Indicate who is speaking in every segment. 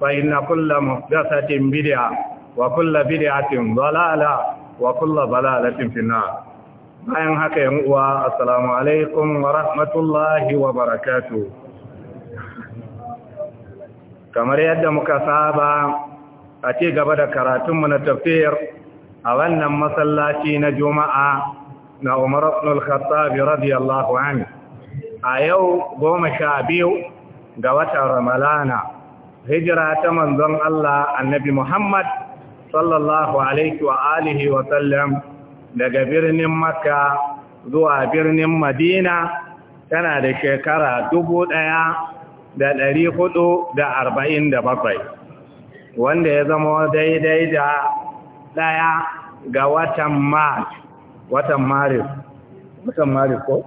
Speaker 1: فإن كل محدثة بدعة وكل بدعة ضلالة وكل ضلالة في النار bayan haka yan uwa assalamu alaikum wa rahmatullahi wa barakatuh kamar yadda muka saba a ci gaba da karatunmu na tafiyar a wannan masallaci na juma'a na umar al khattabi radiyallahu anhu a yau goma sha biyu ga watan ramalana hijira ta manzon Allah annabi Muhammad sallallahu alaihi wa alihi wa sallam daga birnin Makka zuwa birnin Madina tana da shekara dubu ɗaya da ɗari hudu da arba'in da bakwai wanda ya zama daidai da ɗaya ga watan Mars watan Maris watan Maris ko?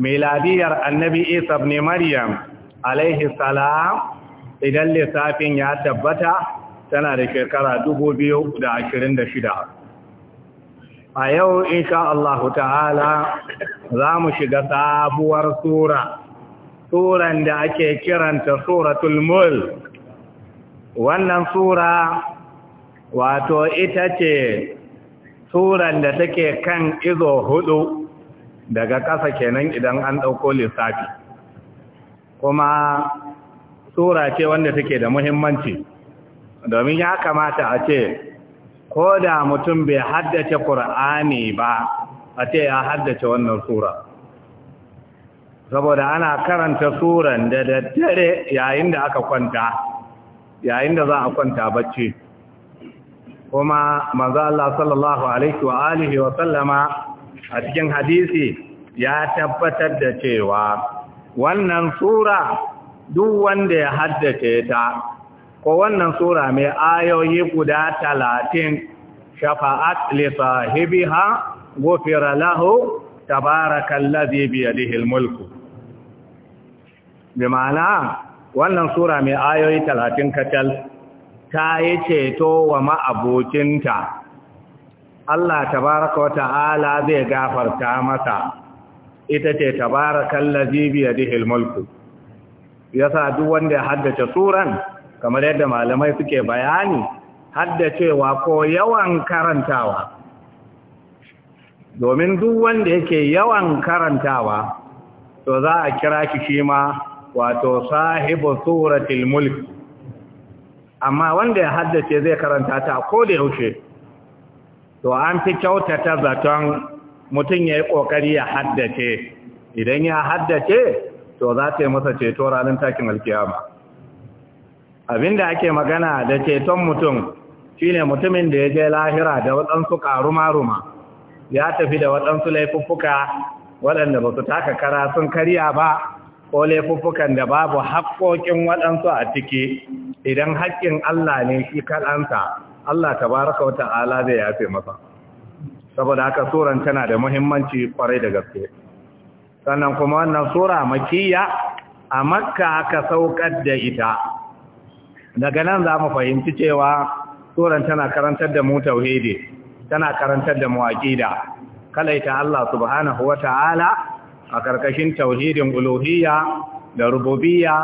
Speaker 1: Miladiyar annabi Isa ne Maryam alaihi salam idan lissafin ya tabbata tana da shekara shida. a yau insha Allah ta'ala za mu shiga sabuwar sura suran da ake kiranta suratul mul wannan sura wato ita ce suran da take kan izo hudu daga ƙasa kenan idan an ɗauko lissafi kuma sura ce wanda take da muhimmanci domin ya kamata a ce ko da mutum bai haddace Kur'ani ba a ce ya haddace wannan sura saboda ana karanta suran da daddare yayin da aka kwanta yayin da za a kwanta bacci kuma manzo Allah sallallahu alaihi wa alihi wa sallama a cikin hadisi ya tabbatar da cewa wannan sura duk wanda ya haddace ta ko wannan sura mai ayoyi guda talatin shafa'at li sahibiha ghufira lahu tabarakallazi bi yadihi mulku. bi ma'ana wannan sura mai ayoyi talatin kacal ta yi ceto wa ma'abocinta Allah tabaraka wa ta'ala zai gafarta masa ita ce tabarakan lazibi ya dihil mulku ya sa duk wanda ya haddace suran kamar yadda malamai suke bayani haddacewa ko yawan karantawa domin duk wanda yake yawan karantawa to za a kira shi shi ma wato sahibu suratul mulk amma wanda ya haddace zai karanta ta ko da yaushe to an fi kyautata zaton mutum ya yi ƙoƙari ya haddace idan ya haddace to za ta yi masa ceto ranar takin alkiyama abinda ake magana da ceton mutum shine mutumin da ya je lahira da waɗansu ƙaruma-ruma ya tafi da waɗansu laifuffuka waɗanda ba su taka kara sun karya ba ko laifuffukan da babu haƙƙoƙin waɗansu a ciki idan haƙƙin Allah ne shi kaɗansa Allah ta baraka wata ala zai yafe masa. saboda haka suran tana da muhimmanci kwarai da gaske sannan kuma wannan sura makiyya a makka aka saukar da ita daga nan za mu fahimci cewa suran tana karantar da mu tauhidi tana karantar da mu aqida kalaita Allah subhanahu wata'ala a karkashin tauhidin uluhiyya da rububiyya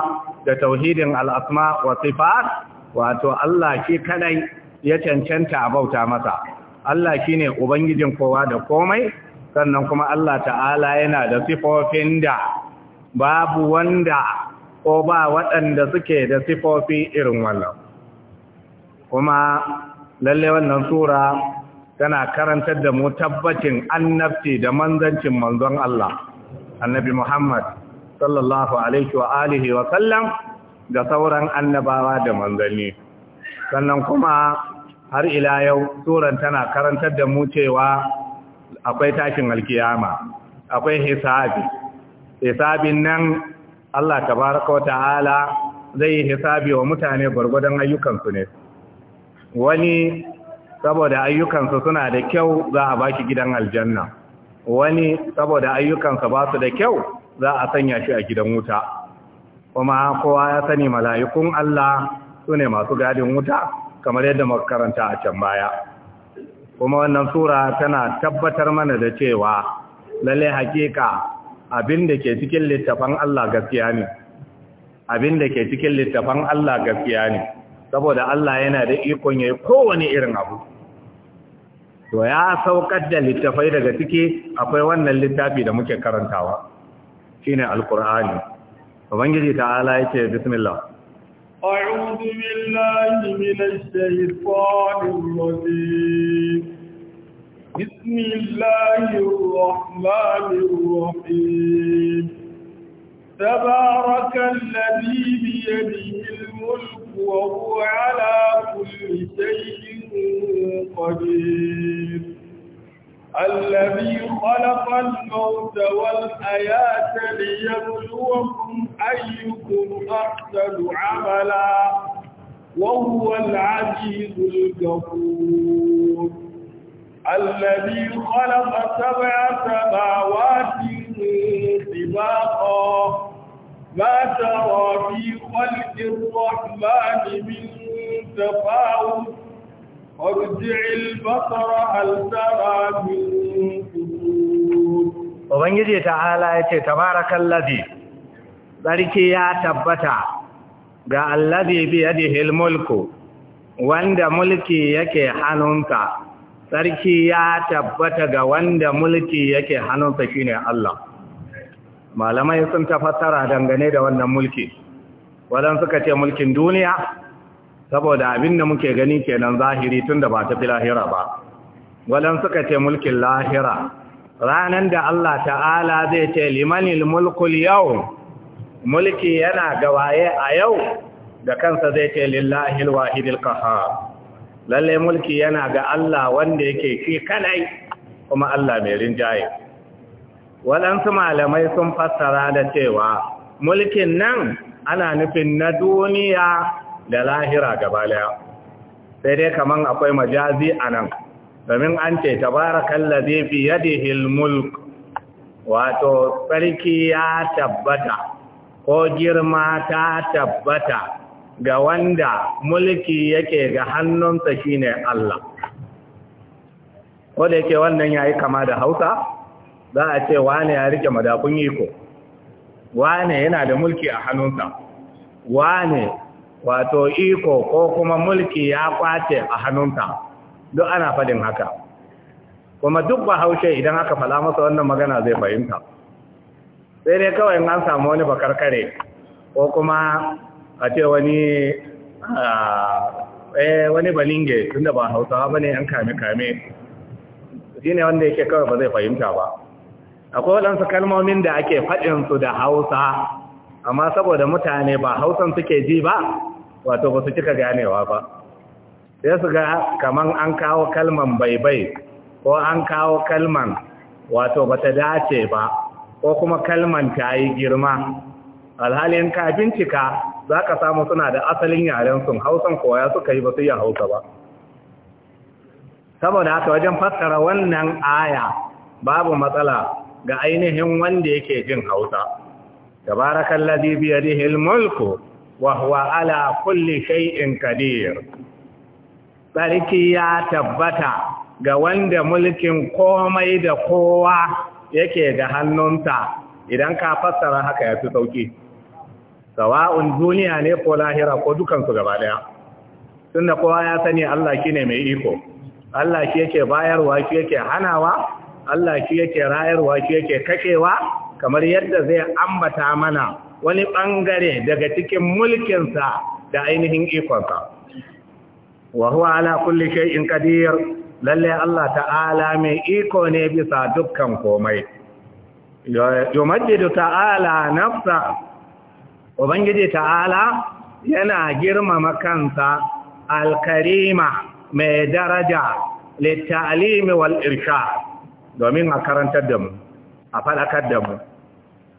Speaker 1: da tauhidin al-asma wa sifat wato Allah shi kadai ya cancanta a bauta masa Allah shi ne Ubangijin kowa da komai, sannan kuma Allah ta'ala yana da sifofin da babu wanda ko ba waɗanda suke da sifofi irin wannan. Kuma lalle wannan Sura tana karantar da mu tabbacin annabci da manzancin manzon Allah, annabi Muhammad sallallahu Alaihi wa alihi wa sallam da sauran annabawa da manzanni. Sannan kuma har ila yau turan tana karantar da mu cewa akwai tashin alkiyama akwai hisabi hisabin nan Allah tabaraka wa ta'ala zai yi hisabi wa mutane gwargwadon ayyukansu ne wani saboda ayyukansu suna da kyau za a baki gidan aljanna wani saboda ayyukansa ba su da kyau za a sanya shi a gidan wuta kuma kowa ya sani mala'ikun Allah su ne masu gadin wuta kamar yadda makaranta a can baya kuma wannan sura tana tabbatar mana da cewa lalle hakika abin da ke cikin littafan Allah gaskiya ne abin da ke cikin littafan Allah gaskiya ne saboda Allah yana da ikon yayi kowane irin abu to ya saukar da littafai daga ciki akwai wannan littafi da muke karantawa shine alqur'ani ubangiji ta'ala yake bismillah
Speaker 2: أعوذ بالله من الشيطان الرجيم بسم الله الرحمن الرحيم تبارك الذي بيده الملك وهو على كل شيء قدير الذي خلق الموت والحياة ليبلوكم أيكم أحسن عملا وهو العزيز الكفور الذي خلق سبع سماوات سباقا ما ترى في خلق الرحمن من تفاوت ارجع البصر هل
Speaker 1: Ubangiji ta'ala ya ce, Tabarakan lazi, tsarki ya tabbata ga allazi biya da hilmulku, wanda mulki yake hannunka, tsarki ya tabbata ga wanda mulki yake hannunsa ne Allah. Malamai sun tafassara dangane da wannan mulki, Wadansu suka ce mulkin duniya, saboda abin da muke gani kenan zahiri tun da ba tafi lahira ba walan suka ce mulkin lahira ranan da Allah ta'ala zai ce limanil mulkul yau mulki yana gawaye a yau da kansa zai ce lillahi alwahidil qahhar lalle mulki yana ga Allah wanda yake shi kadai kuma Allah mai rinjaye waɗansu malamai sun fassara da cewa mulkin nan ana nufin na duniya da lahira gaba daya sai dai kaman akwai majazi anan domin an ce tabarakallazi fi yadihi almulk wato sarki ya tabbata ko girma ta tabbata ga wanda mulki yake ga hannunsa shine Allah ko da yake wannan yayi kama da Hausa za a ce wane ya rike madafun iko wane yana da mulki a hannunsa wane wato iko ko kuma mulki ya kwace a hannunka duk ana fadin haka kuma duk ba haushe idan aka fada masa wannan magana zai fahimta sai dai kawai in an samu wani bakarkare ko kuma a ce wani ah, eh wani balinge tunda ba hausawa bane yan kame kame shine wanda yake kawai ba zai fahimta ba akwai waɗansu kalmomin da ake faɗin su da hausa amma saboda mutane ba hausan suke ji ba wato ba su cika ganewa ba sai su ga kaman an kawo kalman baibai ko an kawo kalman wato ba ta dace ba ko kuma kalman ta yi girma alhalin ka bincika za ka samu suna da asalin yaren sun hausan koya suka yi ba su yi hausa ba saboda haka wajen fassara wannan aya babu matsala ga ainihin wanda yake jin hausa da bara ya rihil wa ala kulli shay'in qadir sarki ya tabbata ga wanda mulkin komai da kowa yake ga hannunta idan ka fassara haka ya fi sauki sawa'un duniya ne ko lahira ko dukansu gaba daya tunda kowa ya sani Allah shine mai iko Allah shi yake bayarwa shi yake hanawa Allah shi yake rayarwa shi yake kashewa kamar yadda zai ambata mana wani ɓangare daga cikin mulkinsa da ainihin ikonsa. Wa huwa ala kulli shay'in qadir lalle Allah ta'ala mai iko ne bisa dukkan komai. Yumajjidu ta'ala nafsa Ubangiji ta'ala yana girmama kansa alkarima mai daraja littalimi wal irsha domin a karantar da mu a faɗakar da mu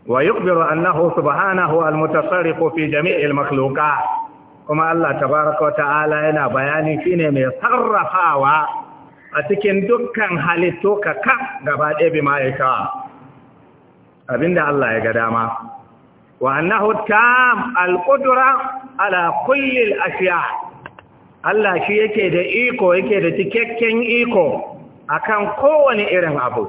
Speaker 1: ويخبر أنه سبحانه المتصرف في جميع المخلوقات كما الله تبارك وتعالى هنا بياني شيني مي صرفاوا دكا هل حالتوك كف غباد إبي ما مايكا أبين الله يقدام وأنه تام القدرة على كل الأشياء Allah shi yake da iko yake da cikakken iko akan kowane irin abu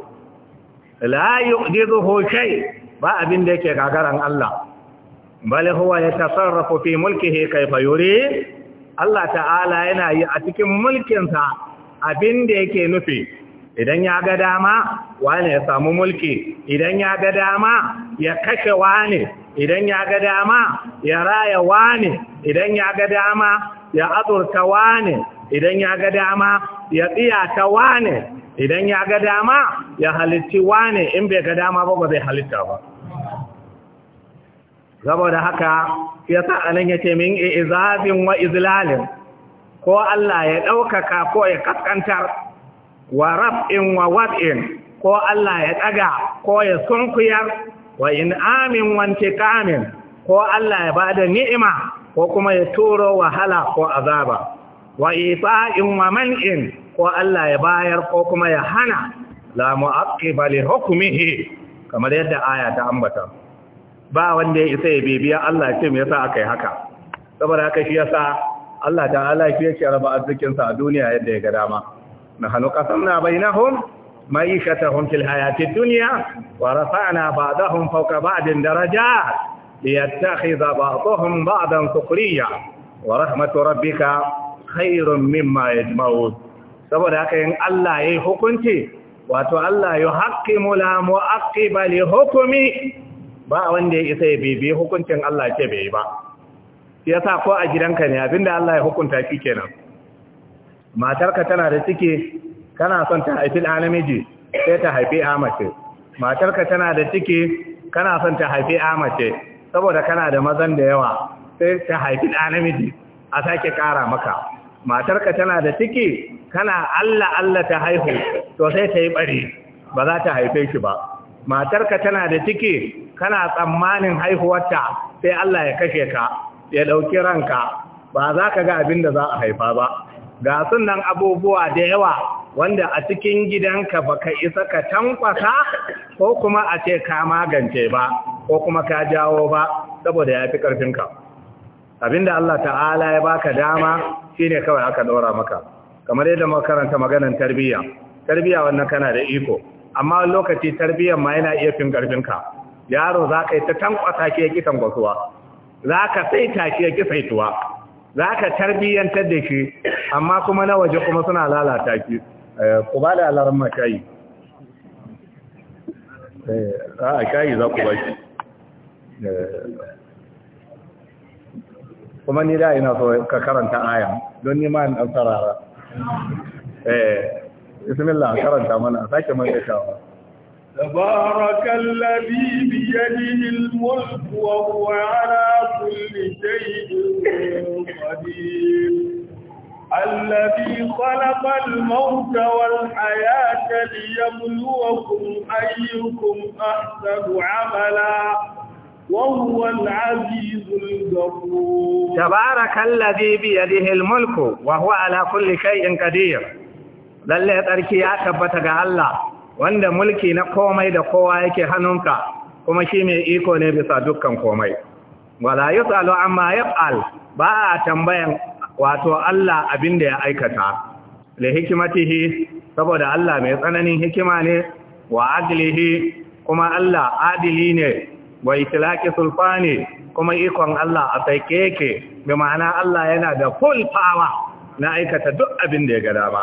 Speaker 1: la yu'jizuhu shay ba abin da yake gagaran Allah bale huwa yatasarrafu fi mulkihi kayfa yuri Allah ta'ala yana yi a cikin mulkinsa abin da yake nufi idan ya ga dama wane ya samu mulki idan ya ga dama ya kashe wane idan ya ga dama ya raya wane idan ya ga dama ya azurta wane idan ya ga dama ya tsiyata wane idan ya ga dama ya halitti wane in bai ga dama ba ba zai halitta ba saboda haka yasa anan yace min izafin wa izlalin ko Allah ya ɗaukaka ko ya kaskantar wa raf'in wa wad'in ko Allah ya ɗaga ko ya sunkuyar wa in amin wanke kamin ko Allah ya ba da ni'ima ko kuma ya turo wahala ko azaba wa ifa'in wa man'in ko Allah ya bayar ko kuma ya hana la mu'aqqiba li hukmihi kamar yadda aya ta ambata ba wanda ya isa ya biya Allah ce me yasa aka yi haka saboda haka shi yasa Allah ta'ala shi yake raba arzikin sa a duniya yadda ya ga dama nahnu qasamna bainahum ma'ishatahum fil hayatid duniya wa rafa'na ba'dahum fawqa ba'din darajat liyattakhidha ba dan sukuriya. wa rahmatu rabbika khairun mimma yajma'un saboda haka in Allah yayi hukunci wato Allah yuhaqqimu la mu'aqqiba bali hukumi. ba wanda ya isa ya bibi hukuncin Allah ke bai ba shi sa ko a gidanka ne abinda Allah ya hukunta shi kenan matarka tana da cike kana son ta haifi ɗa namiji sai ta haifi a matarka tana da cike kana son ta haifi amace saboda kana da mazan da yawa sai ta haifi ɗa namiji a sake ƙara maka matarka tana da ciki kana Allah Allah ta haihu to sai ta yi bari ba za ta haife shi ba matarka tana da ciki kana tsammanin haihuwarta sai Allah ya kashe ka ya ɗauki ranka ba za ka ga abin da za a haifa ba ga sunan abubuwa da yawa wanda a cikin gidanka ba ka isa ka tankwasa ko kuma a ce ka magance ba ko kuma ka jawo ba saboda ya fi ƙarfinka abinda Allah ta'ala ya baka dama shine kawai aka ɗora maka kamar yadda makaranta maganar tarbiyya tarbiyya wannan kana da iko amma lokaci tarbiyyar ma yana iya fin ƙarfinka yaro za ka yi ta tankwasa ke ki tankwasuwa za ka saita ke ki saituwa za ka tarbiyyantar da shi amma kuma na waje kuma suna lalata ki eh, ku ba da alarar mashayi eh, a shayi za ku ba shi eh, kuma ni da ina so ka karanta aya don nima in ɗan sarara eh bismillah karanta mana sake mai kawo
Speaker 2: تبارك الذي بيده الملك وهو على كل شيء قدير الذي خلق الموت والحياة ليبلوكم أيكم أحسن عملا وهو العزيز الغفور
Speaker 1: تبارك الذي بيده الملك وهو على كل شيء قدير lalle tsarki ya tabbata ga Allah wanda mulki na komai da kowa yake hannunka kuma shi mai iko ne bisa dukkan komai wala yusalu amma yaf'al ba a tambayan wato Allah abin da ya aikata li hikimatihi saboda Allah mai tsananin hikima ne wa adlihi kuma Allah adili ne wa itlaqi sulfani kuma ikon Allah a saike yake bi ma'ana Allah yana da full power na aikata duk abin da ya ga dama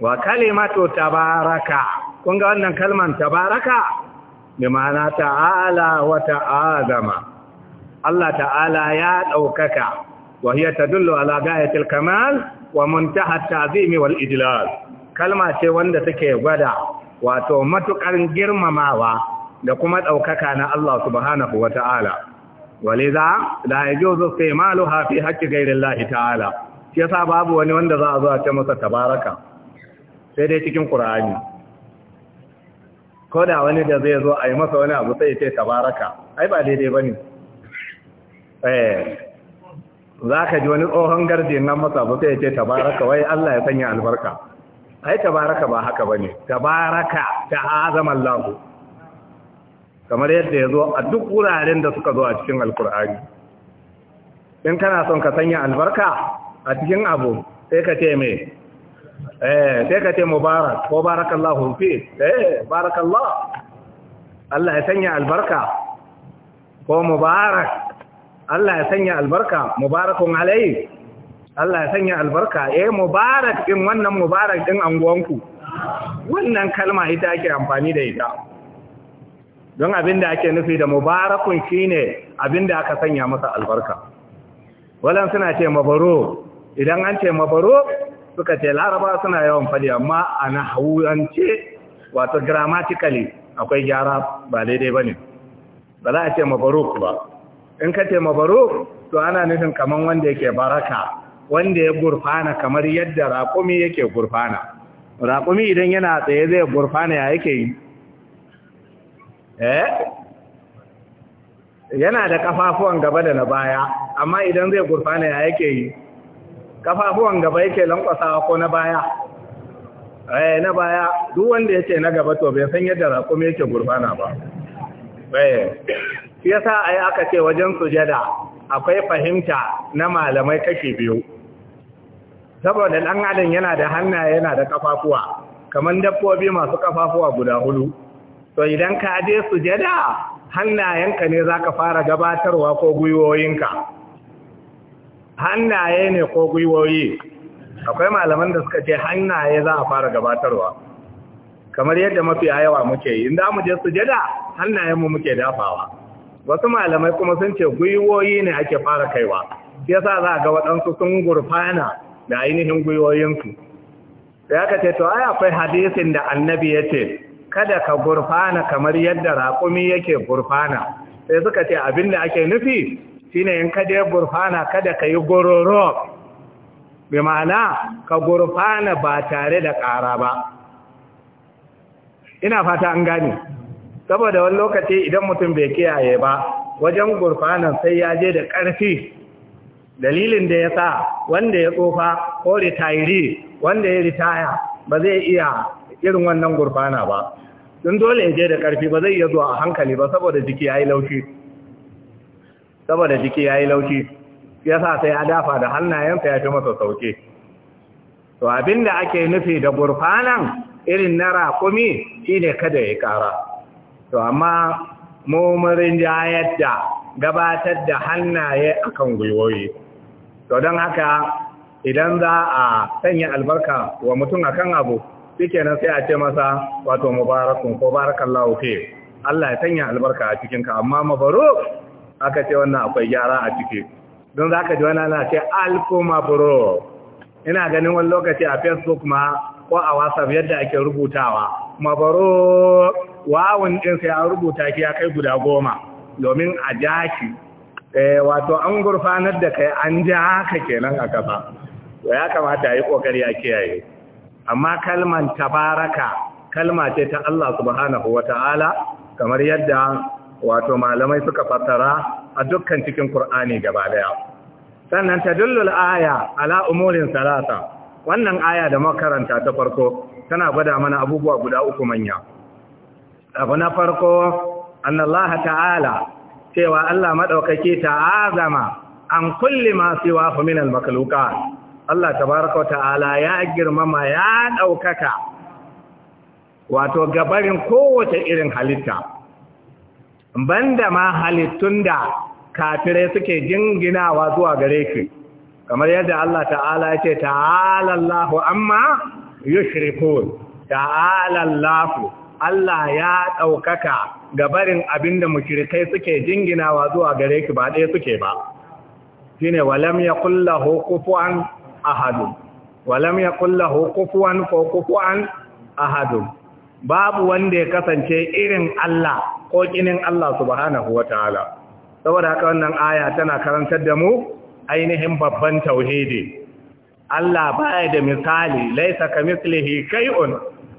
Speaker 1: wa kalimatu tabaraka kun ga wannan kalman tabaraka bi ma'ana ta'ala wa ta'azama Allah ta'ala ya ɗaukaka wa hiya tadullu ala ghayatil kamal wa muntaha at-ta'zimi wal ijlal kalma ce wanda take gwada wato matukar girmamawa da kuma ɗaukaka na Allah subhanahu wa ta'ala waliza la yajuzu istimaluha fi haqqi ghayri Allah ta'ala shi yasa babu wani wanda za a zo a ce masa tabaraka sai dai cikin ƙura'ani ko da wani da zai zo a yi masa wani abu sai ce tabaraka ai ba daidai ba ne eh, za ka ji wani tsohon garji nan masa abu sai ce tabaraka wai Allah ya sanya albarka ai tabaraka ba haka ba ne tabaraka ta azaman lahu kamar yadda ya zo a duk wuraren da suka zo a cikin alkur'ani in kana son ka sanya albarka a cikin abu sai ka ce mai eh sai ka ce mubarak ko barakallahu fi eh barakallah Allah ya sanya albarka ko mubarak Allah ya sanya albarka mubarakun alai Allah ya sanya albarka eh mubarak din wannan mubarak din anguwanku wannan kalma ita ake amfani da ita don abin da ake nufi da mubarakun shine abin da aka sanya masa albarka walan suna ce mabaro idan an ce mabaro suka ce laraba suna yawan faɗi amma a nahawance wato grammatically akwai gyara ba daidai ba ne ba za a ce mabaruk ba in ka ce mabaruk to ana nufin kamar wanda yake baraka wanda ya gurfana kamar yadda raƙumi yake gurfana raƙumi idan yana tsaye zai gurfana ya yake yi eh? yana da kafafuwan gaba da na baya amma idan zai gurfana ya yake yi kafafuwan gaba yake lankwasawa ko na baya eh na baya duk wanda yake na gaba to bai san yadda raƙumi yake gurbana ba eh shi yasa ai aka ce wajen sujada akwai fahimta na malamai kashi biyu saboda dan adam yana da hannaye yana da kafafuwa kamar dabbobi masu kafafuwa guda hudu to idan ka je sujada hannayenka ne zaka fara gabatarwa ko gwiwoyinka hannaye ne ko gwiwoyi akwai malaman da suka ce hannaye za a fara gabatarwa kamar yadda mafi yawa muke yi inda mu je sujada mu muke dafawa wasu malamai kuma sun ce gwiwoyi ne ake fara kaiwa shi yasa za a ga waɗansu sun gurfana da ainihin gwiwoyinsu sai aka ce to ai akwai hadisin da annabi ya ce kada ka gurfana kamar yadda raƙumi yake gurfana sai suka ce abin da ake nufi shine in ka je burfana kada ka yi gororo bi ma'ana ka gurfana ba tare da ƙara ba ina fata an gane saboda wani lokaci idan mutum bai kiyaye ba wajen gurfana sai ya je da ƙarfi dalilin da ya sa wanda ya tsofa ko retire wanda ya ritaya ba zai iya irin wannan gurfana ba don dole ya je da ƙarfi ba zai iya zuwa a hankali ba saboda jiki ya yi laushi saboda jiki ya yi lauki, ya sa sai ya dafa da hannayensa ya fi masa sauke to abin abinda ake nufi da gurfanan irin na shi ne kada ya ƙara to amma mumurin jayar da gabatar da hannaye akan gwiwoyi to don haka idan za a sanya albarka wa mutum akan abu nan sai a ce masa wato mubarakun ko barakallahu fi Allah ya sanya albarka a cikinka amma mabaruk aka ce wannan akwai gyara a ciki don za ka ji wani ana ce alkoma bro ina ganin wani lokaci a facebook ma ko a whatsapp yadda ake rubutawa mabaro wawun ɗin sai an rubuta ki ya kai guda goma domin a ja ki eh, wato an gurfanar da kai an ja ka kenan a kafa ya kamata a yi ƙoƙari a kiyaye amma kalman tabaraka kalma ce ta Allah subhanahu wa ta'ala kamar yadda wato malamai suka fassara a dukkan cikin Kur'ani gaba daya sannan ta dullul aya ala umurin salasa wannan aya da makaranta ta farko tana gwada mana abubuwa guda uku manya abu na farko annallaha ta'ala cewa Allah madaukake azama, an kulli ma siwa hu min al Allah tabaaraka ta'ala ya girmama ya daukaka wato gabarin kowace irin halitta banda ma halittun da kafirai suke jinginawa zuwa gare shi kamar yadda Allah ta'ala ya ce ta'ala Allahu amma yushrikun ta'ala Allahu Allah ya ɗaukaka ga barin abinda mushrikai suke jinginawa zuwa gare shi ba ɗaya suke ba shine walam yaqul lahu kufuwan ahadun walam yaqul lahu kufuwan ko kufuwan ahadun babu wanda ya kasance irin Allah ko kinin Allah subhanahu wataala saboda haka wannan aya tana karantar da mu ainihin babban tauhidi Allah baya da misali laisa kamithlihi kai'un.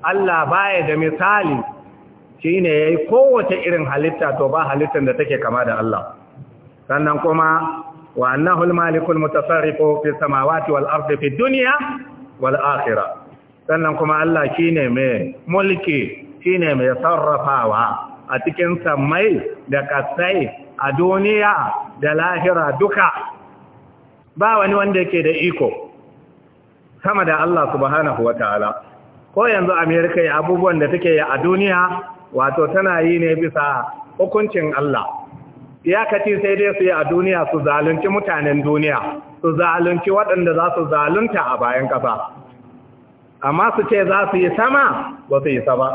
Speaker 1: Allah baya da misali shine yayi kowace irin halitta to ba halittar da take kama da Allah sannan kuma wa annahul malikul mutasarrifu fi samawati wal ardi fi dunya wal akhirah sannan kuma Allah shi ne mai mulki shi ne mai sarrafawa a cikin samai da kasai a duniya da lahira duka ba wani wanda yake da iko sama da Allah subhanahu wa ta'ala ko yanzu amerika ya abubuwan da take yi a duniya wato tana yi ne bisa hukuncin Allah iyakaci sai dai su yi a duniya su zalunci mutanen duniya su zalunci waɗanda za su zalunta a bayan ƙasa amma su ce za su yi sama ba su yi ba.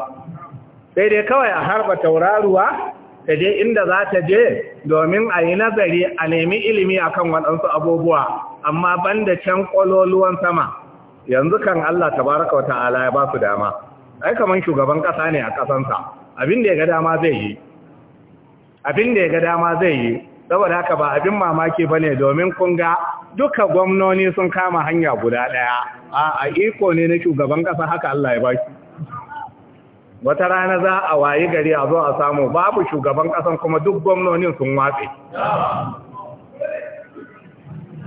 Speaker 1: sai dai kawai a harba tauraruwa ta je inda za ta je domin a yi nazari a nemi ilimi a kan waɗansu abubuwa amma banda can ƙwaloluwan sama yanzu kan Allah tabaraka wa ta'ala ya ba su dama ai kaman shugaban ƙasa ne a ƙasansa abin da ya ga dama zai yi abin da dama zai yi saboda haka ba abin mamaki ba ne domin kun ga duka gwamnoni sun kama hanya guda ɗaya a iko ne na shugaban ƙasa haka Allah ya baki wata rana za a wayi gari a zo a samu babu shugaban ƙasan kuma duk gwamnonin sun watse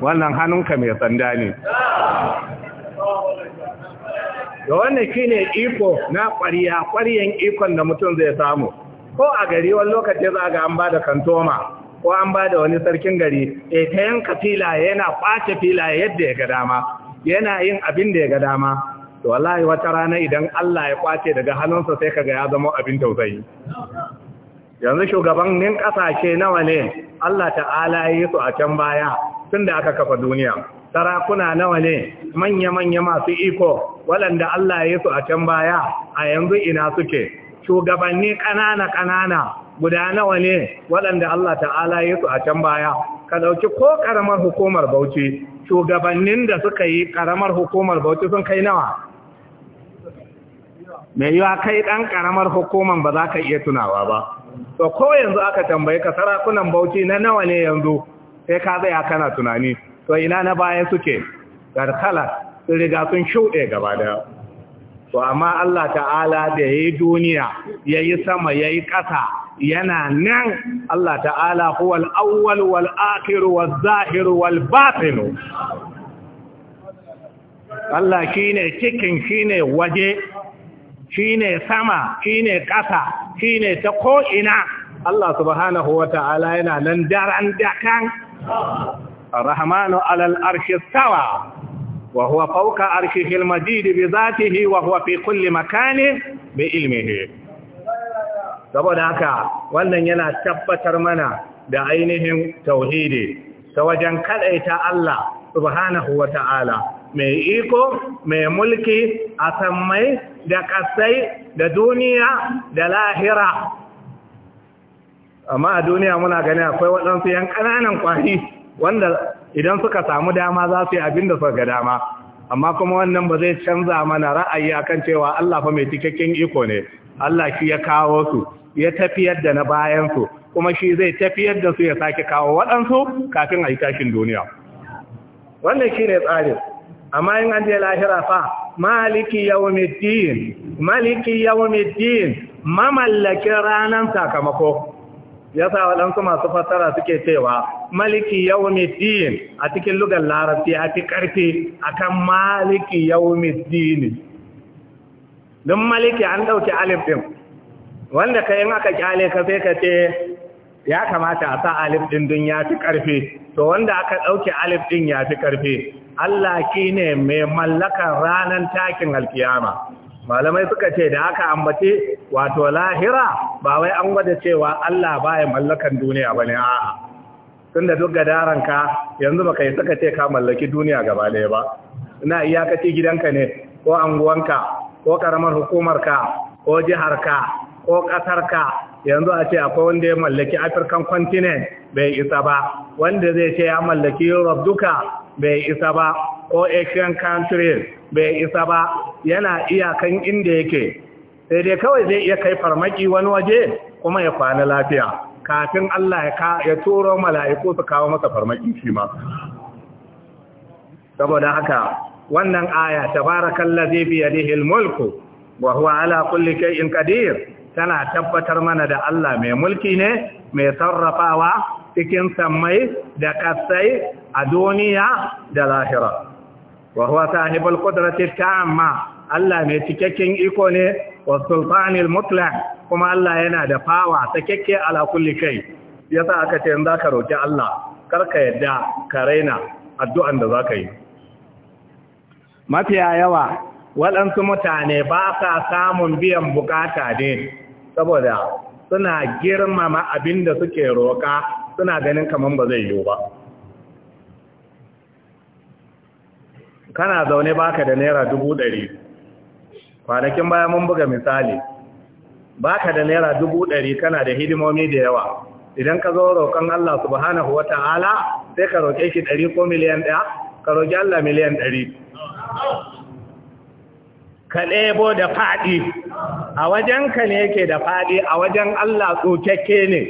Speaker 1: wannan hannunka mai sanda ne da wannan shi iko na ƙwariya ƙwariyan ikon da mutum zai samu ko a gari wani lokaci za ga an ba da kantoma ko an ba da wani sarkin gari E, ta yanka filaye yana ɓace filaye yadda ya ga dama yana yin abin da ya ga dama to wallahi wata rana idan Allah ya kwace daga hannunsa sai kaga ya zama abin tausayi yanzu shugaban nin ƙasashe nawa ne Allah ta'ala ya yi su a can baya tun da aka kafa duniya sarakuna nawa ne manya-manya masu iko waɗanda Allah ya yi su a can baya a yanzu ina suke shugabanni ƙanana-ƙanana guda nawa ne waɗanda Allah ta'ala yi su a can baya ka ɗauki ko ƙaramar hukumar bauchi shugabannin da suka yi ƙaramar hukumar bauchi sun kai nawa mai yiwa kai ɗan ƙaramar hukumar ba za ka iya tunawa ba to ko yanzu aka tambayi ka sarakunan bauchi na nawa ne yanzu sai ka tsaya kana tunani to ina na baya suke garkala sun riga sun shuɗe gaba daya to amma Allah ta'ala da ya yi duniya ya yi sama ya yi ƙasa yana nan Allah ta'ala huwal awwal wal akhir wal zahir wal batin Allah ne cikin ne waje shine sama ne ƙasa shine ta ko'ina. Allah subhanahu wa ta'ala yana nan daren dakan Rahmanu alal arshi sawa وهو فوق عرشه المجيد بذاته وهو في كل مكان بعلمه saboda haka wannan yana tabbatar mana da ainihin tauhidi ta wajen kadaita Allah subhanahu wata'ala mai iko mai mulki a sammai da kasai da duniya da lahira amma a duniya muna gani akwai waɗansu yan ƙananan ƙwari wanda idan suka samu dama za su yi abin da suka ga dama amma kuma wannan ba zai canza mana ra'ayi akan cewa Allah fa mai cikakken iko ne Allah shi ya kawo su ya tafiyar da na bayan su kuma shi zai tafiyar da su ya sake kawo waɗansu kafin a yi tashin duniya wannan shine tsarin amma in an je lahira fa maliki yawmiddin maliki yawmiddin mamallakin ranar sakamako ya sa waɗansu masu fassara suke cewa maliki din a cikin lugar larabci a fi ƙarfi akan maliki din. don maliki an ɗauki alif ɗin wanda ka yi aka kyale ka sai ka ce ya kamata a sa alif ɗin don ya fi ƙarfi to wanda aka ɗauki alif ɗin ya fi ƙarfi Allah ki ne mai mallakan ranar takin alkiyama malamai suka ce da haka ambace wato lahira ba wai an gwada cewa Allah baya mallakan duniya bane a'a tunda duk gadaran ka, yanzu baka yi suka ce ka mallaki duniya gaba ɗaya ba ina iyakaci gidanka ne ko anguwanka ko karamar hukumarka ko jiharka ko ƙasarka yanzu a ce akwai wanda ya mallaki African continent bai isa ba wanda zai ce ya mallaki Europe duka bai isa ba ko asian countries bai isa ba yana iyakan inda yake sai dai kawai zai iya kai farmaki wani waje kuma ya kwana lafiya kafin Allah ya turo mala'iku su kawo masa farmaki shi ma saboda haka wannan aya tabarakallazi bi yadihi almulku wa huwa ala kulli shay'in qadir tana tabbatar mana da Allah mai mulki ne mai sarrafawa cikin sammai da kasai a duniya da lahira wa huwa sahibul qudrati tamma Allah mai cikakken iko ne wa sultanil mutlaq kuma Allah yana da fawa ta sakakke ala kulli kai yasa aka ce in zaka roki Allah karka yadda ka raina addu'an da zaka yi mafiya yawa waɗansu mutane ba sa samun biyan bukata ne saboda suna girmama abin da suke roƙa suna ganin kamar ba zai yiwu ba kana zaune baka da naira dubu ɗari kwanakin baya mun buga misali baka da naira dubu ɗari kana da hidimomi da yawa idan ka zo roƙon Allah subhanahu wa ta'ala sai ka roƙe shi ɗari ko miliyan ɗaya ka roƙi Allah miliyan ɗari ka ɗebo da faɗi a wajen ka ne yake da faɗi a wajen Allah tsokakke ne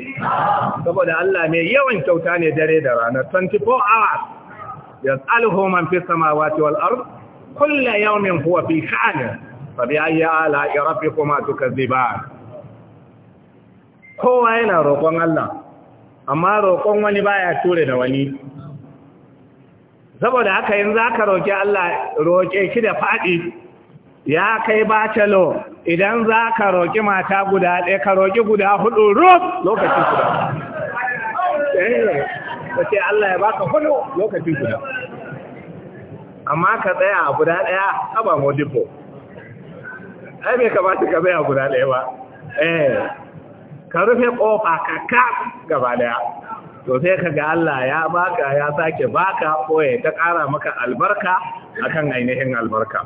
Speaker 1: saboda Allah mai yawan kyauta ne dare da rana 24 hours يسأله من في السماوات والأرض كل يوم هو في شأنه فبأي آلاء ربكما تكذبان kowa yana roƙon Allah amma roƙon wani baya ture da wani saboda haka yin za ka roƙe Allah roƙe shi da faɗi ya kai bacalo idan za ka roƙi mata guda ɗaya ka roƙi guda hudu rub lokacin guda ka ce Allah ya baka hudu lokaci guda amma ka tsaya a guda ɗaya haba modibo ai ka kamata ka tsaya a guda ɗaya ba eh ka rufe kofa ka ka gaba ɗaya to sai ka ga Allah ya baka ya sake baka ko ya ta ƙara maka albarka akan ainihin albarka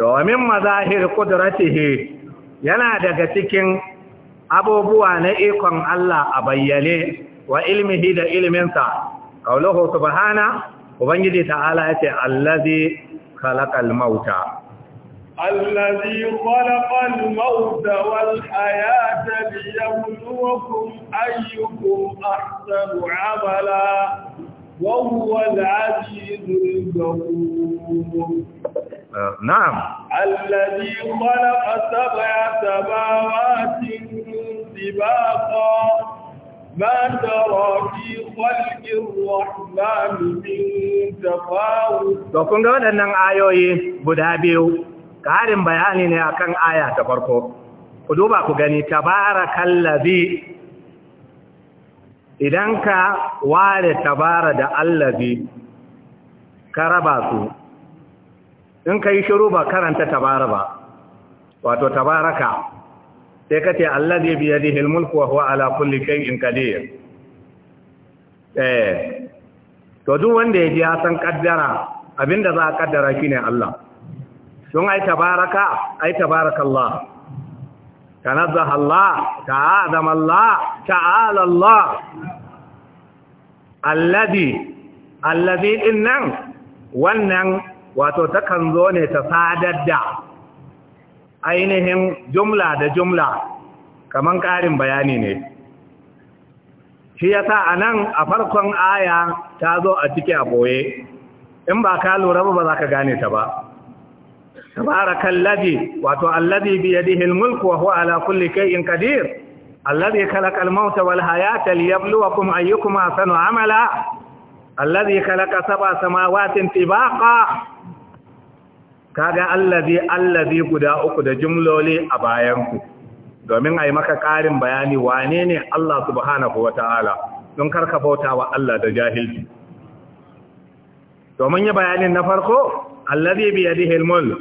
Speaker 1: to min mazahir qudratihi yana daga cikin abubuwa na ikon Allah a bayyane wa ilmihi da ilminsa kauluhu subhana ubangiji ta'ala ya yace allazi khalaqal mauta
Speaker 2: allazi khalaqal mauta wal hayata liyabluwakum ayyukum ahsanu amala wa huwa al azizul ghafur نعم الذي خلق سبع سماوات سباقا ما ترى في خلق الرحمن من تفاوت
Speaker 1: to kun ga waɗannan ayoyi guda biyu ƙarin bayani ne akan aya ta farko ku duba ku gani tabarakallazi idan ka ware tabara da allazi ka raba su in ka yi shiru ba karanta tabara ba wato tabaraka sai kace allazi bi yadihi almulku wa huwa ala kulli shay'in qadir eh to duk wanda ya ya san kaddara abinda za a kaddara shine Allah don ai tabaraka ai tabarakallah tanazzaha Allah ta'azama Allah ta'ala Allah allazi allazi dinnan wannan wato takan zo ne ta sadadda. ainihin jumla da jumla kamar ƙarin bayani ne shi yasa a nan a farkon aya ta zo a ciki a ɓoye in ba ka lura ba za ka gane ta ba tabarakan ladi wato allazi bi yadihi almulku wa huwa ala kulli shay'in qadir allazi khalaqa almauta wal hayata liyabluwakum ayyukum ahsanu amala allazi khalaqa sab'a samawati tibaqan kaga allazi allazi guda uku da jumloli a bayanku domin a yi maka ƙarin bayani wane ne Allah subhanahu wa ta'ala don karka bauta wa Allah da jahilci domin yi bayanin na farko allazi bi yadihi al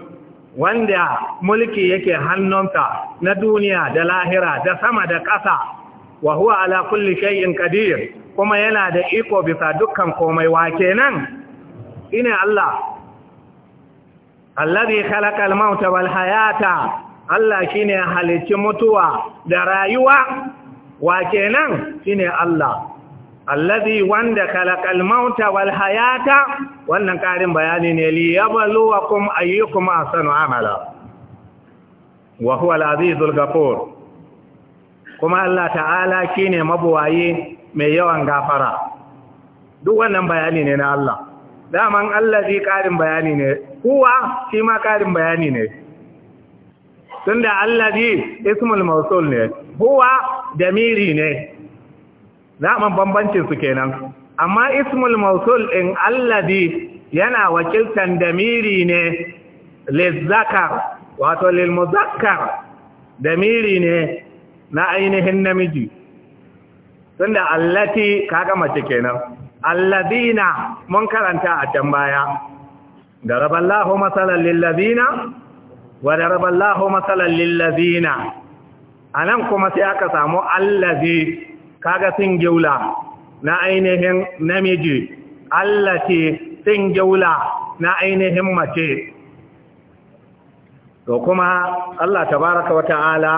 Speaker 1: wanda mulki yake hannunta na duniya da lahira da sama da ƙasa wa huwa ala kulli shay'in qadir kuma yana da iko bisa dukkan komai wa kenan ina Allah allazi khalaqal mauta wal hayata Allah shine halicci mutuwa da rayuwa wa kenan shine Allah allazi wanda khalaqal mauta wal hayata wannan karin bayani ne li yabluwakum ayyukum ahsanu amala wa huwa al azizul kuma Allah ta'ala shine mabuwaye mai yawan gafara duk wannan bayani ne na Allah daman zai ƙarin bayani ne kuwa shi ma ƙarin bayani ne tun da zai ismul mausul ne huwa damiri ne daman bambancin su kenan amma ismul mausul in zai yana wakiltan damiri ne lizzakar wato lilmuzakkar damiri ne na ainihin namiji tun da allati kaga mace kenan allazina mun karanta a can baya daraballahu masalan lillazina wa daraballahu masalan lillazina anan kuma sai aka samu allazi kaga sin geula na ainihin namiji allati sin na ainihin mace to kuma Allah tabaraka wa ta'ala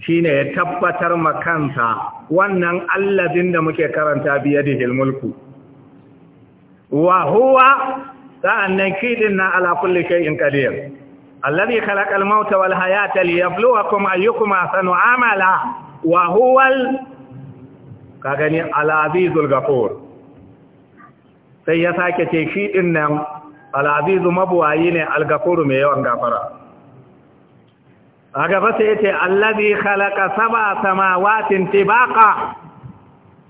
Speaker 1: shine ya tabbatar ma kansa wannan allazin da muke karanta biya da hilmulku wa huwa sa'annan kidin na ala kulli shay'in qadir allazi khalaqa mauta wal hayata liyabluwakum ayyukum ahsanu amala wa huwa ka gani al-azizul sai ya sake ce kidin nan al-azizu mabwayi ne al mai yawan gafara a gaba sai yace allazi khalaqa sab'a samawatin tibaqa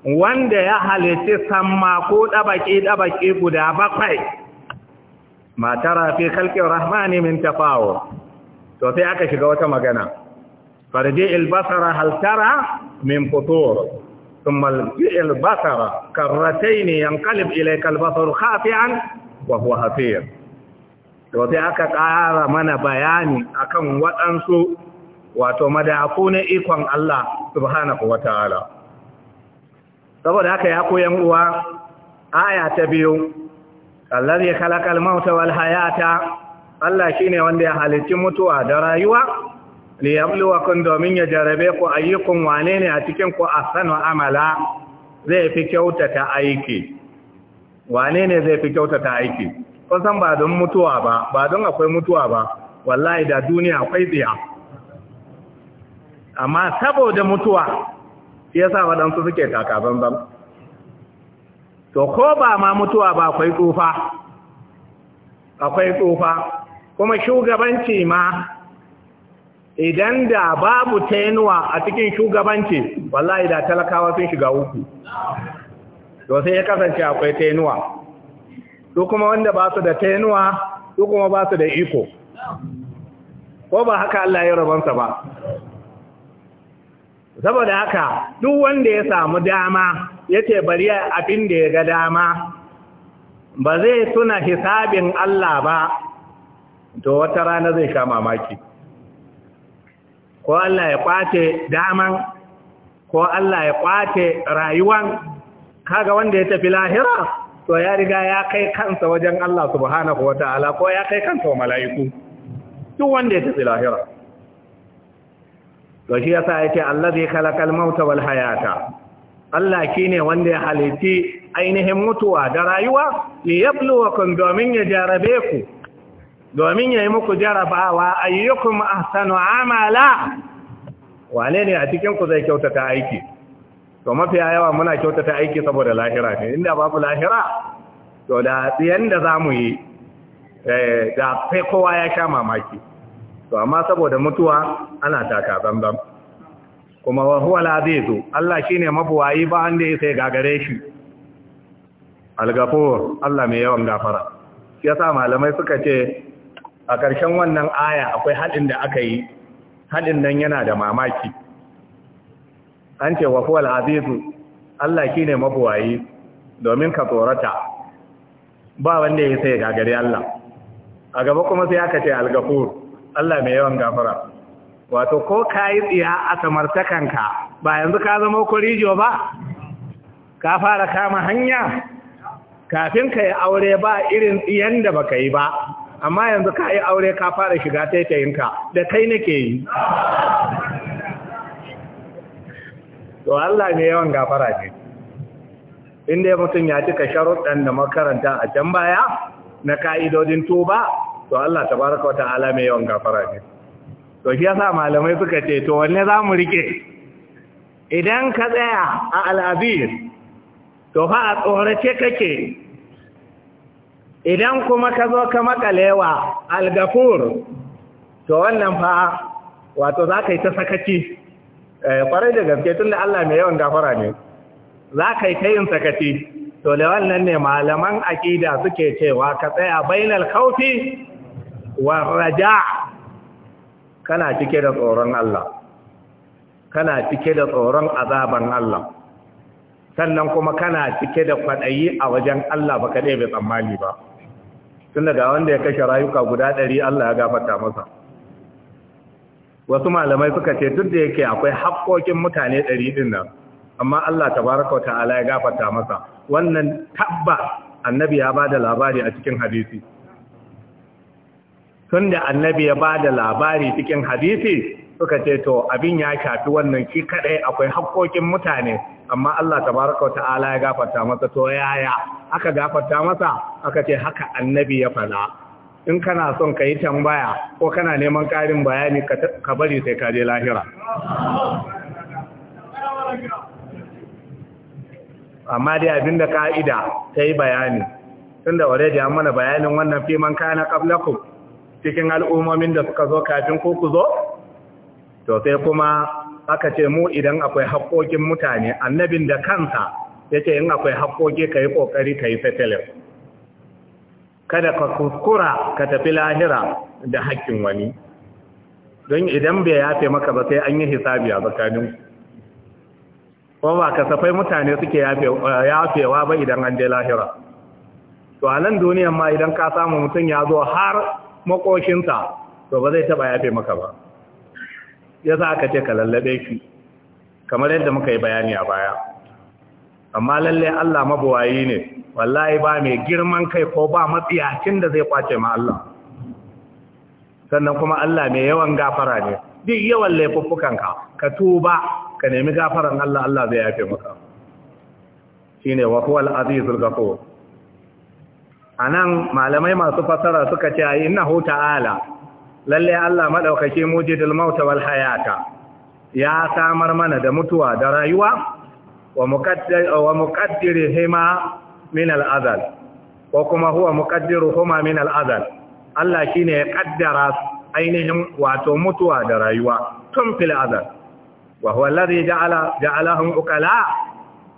Speaker 1: wanda ya halitta samma ko dabaki dabaki guda bakwai ma tara fi khalqir rahmani min tafawo to sai aka shiga wata magana farji basara hal tara min futur ثم البصر كرتين ينقلب إليك البصر خافعا وهو هفير to sai aka ƙara mana bayani akan waɗansu wato madafu na ikon Allah subhanahu wa ta'ala saboda haka ya koyan uwa aya ta biyu allazi khalaqal mauta wal hayata Allah shine wanda ya halicci mutuwa da rayuwa kun domin ya jarabe ku ayyukun wane ne a cikin ku ahsanu amala zai fi kyautata aiki wane ne zai fi kyautata aiki kusan ba don mutuwa ba ba don akwai mutuwa ba wallahi da duniya akwai tsiya amma saboda mutuwa ya sa waɗansu suke kakazanzan to ko ba ma mutuwa ba akwai tsufa akwai tsufa kuma shugabanci ma idan da babu tenuwa a cikin shugabanci wallahi da talakawa sun shiga uku to sai ya kasance akwai tenuwa duk kuma wanda ba su da tainuwa duk kuma ba su da iko ko ba haka Allah ya ba saboda haka duk wanda ya samu dama ya ce bari abin da ya ga dama ba zai tuna hisabin Allah ba to wata rana zai sha mamaki ko Allah ya kwace daman ko Allah ya kwace rayuwan kaga wanda ya tafi lahira to ya riga ya kai kansa wajen Allah subhanahu wa ta'ala ko ya kai kansa wa mala'iku duk wanda ya tafi lahira to shi yasa yake allazi khalaqal mauta wal hayata Allah kine wanda ya halitti ainihin mutuwa da rayuwa li yabluwakum domin ya jarabe ku domin yayi muku jarabawa ayyukum ahsanu amala wane ne a cikin ku zai kyautata aiki to mafiya yawa muna kyautata aiki saboda lahira ne inda babu lahira to da tsiyan da za mu yi eh, da sai kowa ya sha mamaki to amma saboda mutuwa ana taka zambam, kuma wahuwala zai zo Allah shi ne mafuwayi ba an da ya sai gagare shi algafur Allah mai yawan gafara shi yasa malamai suka ce a ƙarshen wannan aya akwai haɗin da aka yi haɗin nan yana da mamaki an ce wa huwal azizu Allah kine mabuwayi domin ka tsorata ba wanda ya sai gagari Allah a gaba kuma sai aka ce al Allah mai yawan gafara wato ko kayi tsiya a samartakanka ba yanzu ka zama kurijo ba ka fara kama hanya kafin ka yi aure ba irin tsiyan da baka yi ba amma yanzu ka yi aure ka fara shiga taitayinka da kai nake yi to Allah ne yawan gafara ne inda mutum ya cika sharuɗan da makaranta a can baya na ka'idodin tuba to Allah ta tabaraka wata ala mai yawan gafara ne to shi yasa malamai suka ce to wanne za mu rike idan ka tsaya a al'abir to fa a tsorace kake idan kuma ka zo ka makalewa algafur to wannan fa wato za ka yi ta sakaci Eh, kwarai da gaske tun da Allah mai yawan gafara ne za ka yi kayin sakati to da wannan ne malaman aƙida suke cewa ka tsaya bainal kaufi wa raja kana cike da tsoron Allah kana cike da tsoron azaban Allah sannan kuma kana cike da kwaɗayi a wajen Allah ba kaɗai bai tsammani ba tun daga wanda ya kashe rayuka guda ɗari Allah ya gafata masa wasu malamai suka ce duk da yake akwai haƙƙoƙin mutane ɗari ɗin nan amma Allah Ta wa ta'ala ya gafarta masa wannan tabba annabi ya bada labari a cikin hadisi Tun da annabi ya bada labari cikin hadisi suka ce to abin ya shafi wannan shi kadai akwai haƙƙoƙin mutane amma Allah Ta wa ta'ala ya gafarta masa to yaya aka gafarta masa aka ce haka annabi ya fada in kana son ka yi tambaya ko kana neman ƙarin bayani ka bari sai ka je lahira amma dai abinda ka'ida ta yi bayani tun da wadda ya mana bayanin wannan fiman kana ƙablaku cikin al'ummomin da suka zo kafin ku ku zo to sai kuma aka ce mu idan akwai haƙoƙin mutane annabin da kansa ya ce in akwai haƙoƙi ka yi ƙoƙari ka yi kada ka kuskura ka tafi lahira da haƙƙin wani don idan bai yafe maka ba sai an yi hisabi a tsakanin ko ba kasafai mutane suke yafewa ba idan an je lahira to a nan duniyan ma idan ka samu mutum ya zo har makoshinsa to ba zai taba yafe maka ba ya sa aka ce ka lallabe shi kamar yadda muka yi bayani a baya amma lalle Allah mabuwayi ne wallahi ba mai girman kai ko ba matsiyacin da zai kwace ma Allah sannan kuma Allah mai yawan gafara ne duk yawan laifuffukanka ka tuba ka nemi gafaran Allah Allah zai yafe maka shine wa huwal azizul ghafur anan malamai masu fasara suka ce innahu ta'ala lalle Allah madaukake mujidul maut wal hayata ya samar mana da mutuwa da rayuwa wa muqaddir wa hima min al'azal ko kuma huwa muqaddiru huma min al'azal Allah shine ya ƙaddara ainihin wato mutuwa da rayuwa tun fil azal wa huwa alladhi ja'ala ja'alahum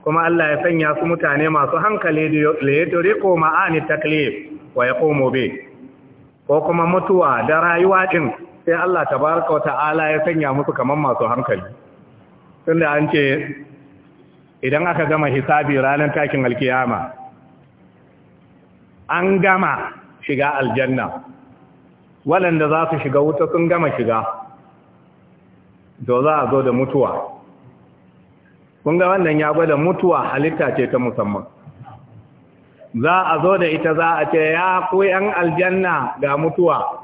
Speaker 1: kuma Allah ya sanya su mutane masu hankali da ko ma'ani taklif wa yaqumu bi ko kuma mutuwa da rayuwa ɗin, sai Allah tabaraka wa ta'ala ya sanya musu kamar masu hankali tunda an ce idan aka gama hisabi ranar takin alkiyama an gama shiga aljanna waɗanda za su shiga wuta sun gama shiga to za a zo da mutuwa kun ga wannan ya gwada mutuwa halitta ce ta musamman za a zo da ita za a ce ya ku yan aljanna ga mutuwa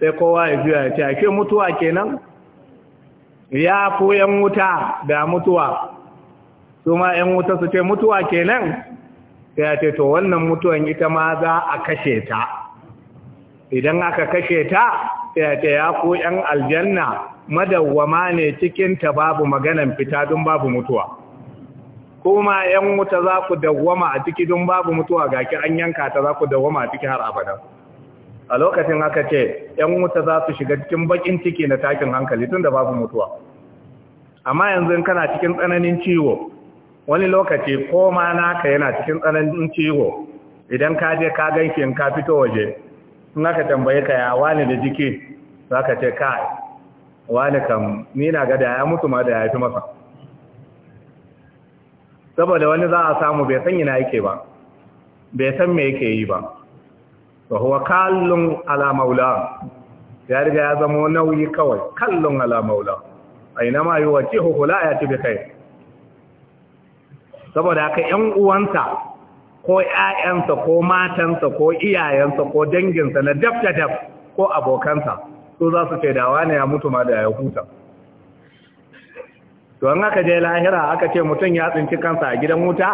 Speaker 1: sai kowa ya juya ya ce ke mutuwa kenan ya ku yan wuta ga mutuwa su yan wuta su ce mutuwa kenan sai ya ce to wannan mutuwan ita ma za a kashe ta idan aka kashe ta sai ya ce ya ku yan aljanna madawwama ne cikin ta babu maganan fita don babu mutuwa kuma yan wuta za ku dawwama a ciki don babu mutuwa ga ki an yanka ta za ku dawwama a ciki har abada a lokacin aka ce yan wuta za su shiga cikin bakin ciki na takin hankali tun da babu mutuwa amma yanzu kana cikin tsananin ciwo wani lokaci ko ma naka yana cikin tsananin ciwo idan ka je ka ganki ka fito waje in aka tambaye ka ya wani da jiki za ce kai wani kam ni na ga da ya mutu ma da ya fi masa saboda wani za a samu bai san yana yake ba bai san me yake yi ba wa huwa kallun ala maula ya riga ya zama nauyi kawai kallun ala maula aina ma yuwajihu la ya bi kai? saboda haka ‘yan uwansa ko ‘ya'yansa ko matansa ko iyayensa ko danginsa na daf da daf ko abokansa su za su ce dawa ne ya mutu ma da ya huta to an aka je lahira aka ce mutum ya tsinci kansa a gidan wuta